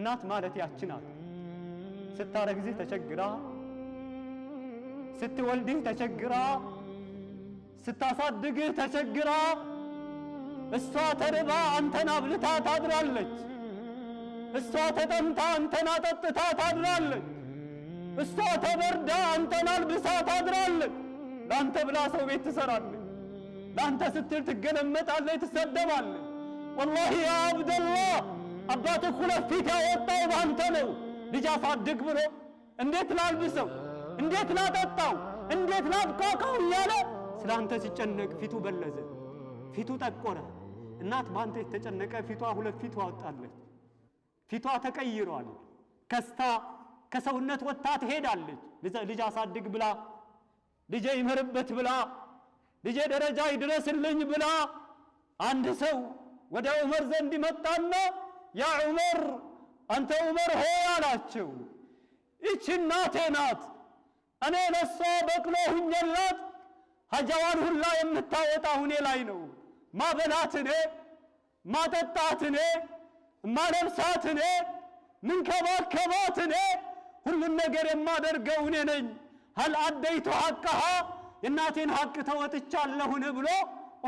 እናት ማለት ያች ናት። ስታረግዝህ ተቸግራ፣ ስትወልድህ ተቸግራ፣ ስታሳድግህ ተቸግራ፣ እሷ ተርባ አንተን አብልታ ታድራለች። እሷ ተጠምታ አንተን አጠጥታ ታድራለች። እሷ ተበርዳ አንተን አልብሳ ታድራለች። ለአንተ ብላ ሰው ቤት ትሰራለች። ለአንተ ስትል ትገለመጣለች፣ ትሰደባለች። ወላሂ ያ አብደላህ አባትህ ሁለት ፊት ያወጣው ባንተ ነው። ልጅ አሳድግ ብሎ እንዴት ላልብሰው፣ እንዴት ላጠጣው፣ እንዴት ላብቃቃው እያለ ስለ ሲጨነቅ ፊቱ በለዘ፣ ፊቱ ጠቆረ። እናት ባንተ የተጨነቀ ፊቷ ሁለት ፊቱ አወጣለች። ፊቷ ተቀይሯል። ከስታ ከሰውነት ወጥታ ትሄዳለች። ልጅ አሳድግ ብላ ልጄ ይመርበት ብላ ልጄ ደረጃ ይድረስልኝ ብላ አንድ ሰው ወደ ዑመር ዘንድ ይመጣና ያ ዑመር አንተ ዑመር ሆይ አላቸው። ይቺ እናቴ ናት። እኔ ለሷ በቅሎ ሁኜላት ሀጃዋን ሁላ የምታወጣ ሁኔ ላይ ነው። ማበላት እኔ፣ ማጠጣት እኔ፣ ሁሉን ነገር የማደርገው እኔ ነኝ። ሀል አደይቱ ሐቀሃ የእናቴን ሐቅ ተወጥቻለሁን ብሎ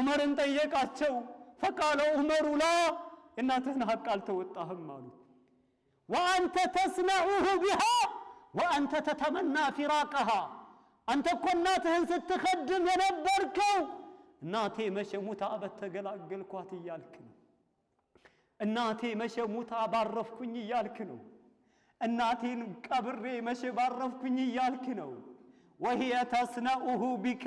ዑመርን ጠየቃቸው። ፈቃለ ዑመሩ ላ የእናትህን ሀቅ አልተወጣህም አሉ። ወአንተ ተስመዑሁ ቢሃ ወአንተ ተተመና ፊራቀሃ። አንተ እኮ እናትህን ስትከድም የነበርከው እናቴ መቼ ሙታ በተገላገልኳት እያልክ ነው። እናቴ መቼ ሙታ ባረፍኩኝ እያልክ ነው። እናቴን ቀብሬ መቼ ባረፍኩኝ እያልክ ነው። ወህየ ተስነኡሁ ቢካ፣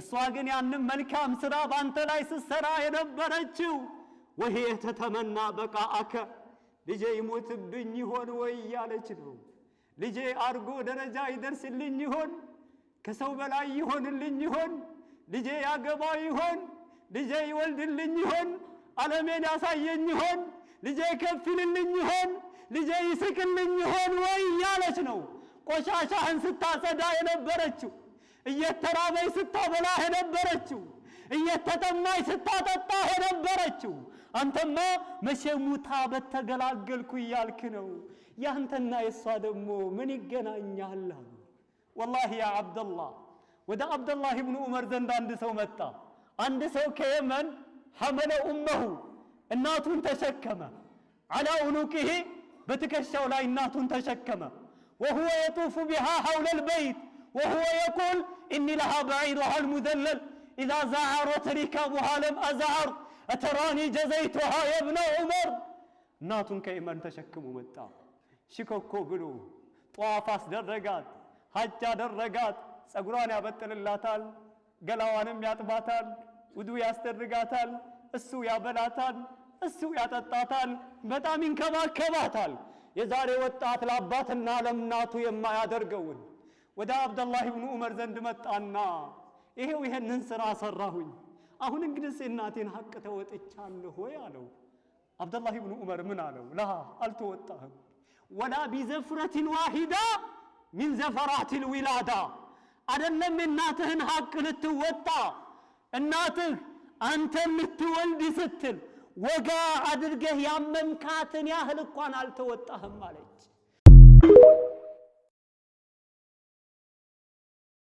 እሷ ግን ያንም መልካም ስራ በአንተ ላይ ስትሰራ የነበረችው ወሄ የተተመና በቃ አከ ልጄ ይሞትብኝ ይሆን ወይ እያለች ነው። ልጄ አድጎ ደረጃ ይደርስልኝ ይሆን? ከሰው በላይ ይሆንልኝ ይሆን? ልጄ ያገባ ይሆን? ልጄ ይወልድልኝ ይሆን? ዓለሜን ያሳየኝ ይሆን? ልጄ ከፍልልኝ ይሆን? ልጄ ይስቅልኝ ይሆን ወይ እያለች ነው። ቆሻሻህን ስታጸዳ የነበረችው፣ እየተራበይ ስታበላህ የነበረችው፣ እየተጠማይ ስታጠጣህ የነበረችው አንተማ መቼም ሙታበት ተገላገልኩ እያልክ ነው። ያንተና የእሷ ደግሞ ምን ይገናኛል አሉ። ወላሂ ያ አብደላህ ወደ አብደላህ ብኑ ዑመር ዘንድ አንድ ሰው መጣ። አንድ ሰው ከየመን ሐመለ ኡመሁ እናቱን ተሸከመ። አላ ኡኑቂሂ በትከሻው ላይ እናቱን ተሸከመ። وهو يطوف بها حول البيت وهو يقول إني لها بعيرها المذلل إذا زعرت ركابها لم أزعر እተራኒ ጀዘይቱሃ የብነ ዑመር እናቱን ከየመን ተሸክሞ መጣ። ሽኮኮ ብሎ ጠዋፍ አስደረጋት፣ ሀጅ አደረጋት። ጸጉሯን ያበጥንላታል፣ ገላዋንም ያጥባታል፣ ውዱ ያስደርጋታል፣ እሱ ያበላታል፣ እሱ ያጠጣታል፣ በጣም ይንከባከባታል። የዛሬ ወጣት ለአባትና ለእናቱ የማያደርገውን ወደ አብደላህ ብኑ ዑመር ዘንድ መጣና ይሄው ይህንን ስራ ሰራሁኝ أهون إنجلس الناتين حق توت إتشال هوي علو عبد الله بن عمر من علو لها ألتوت ولا بزفرة واحدة من زفرات الولادة أدلم من ناتهن حق لتوتا الناتن أنت متولد ستل وقا عدد قهيام ممكاتن يا أهل القوان ألتوت أهم عليك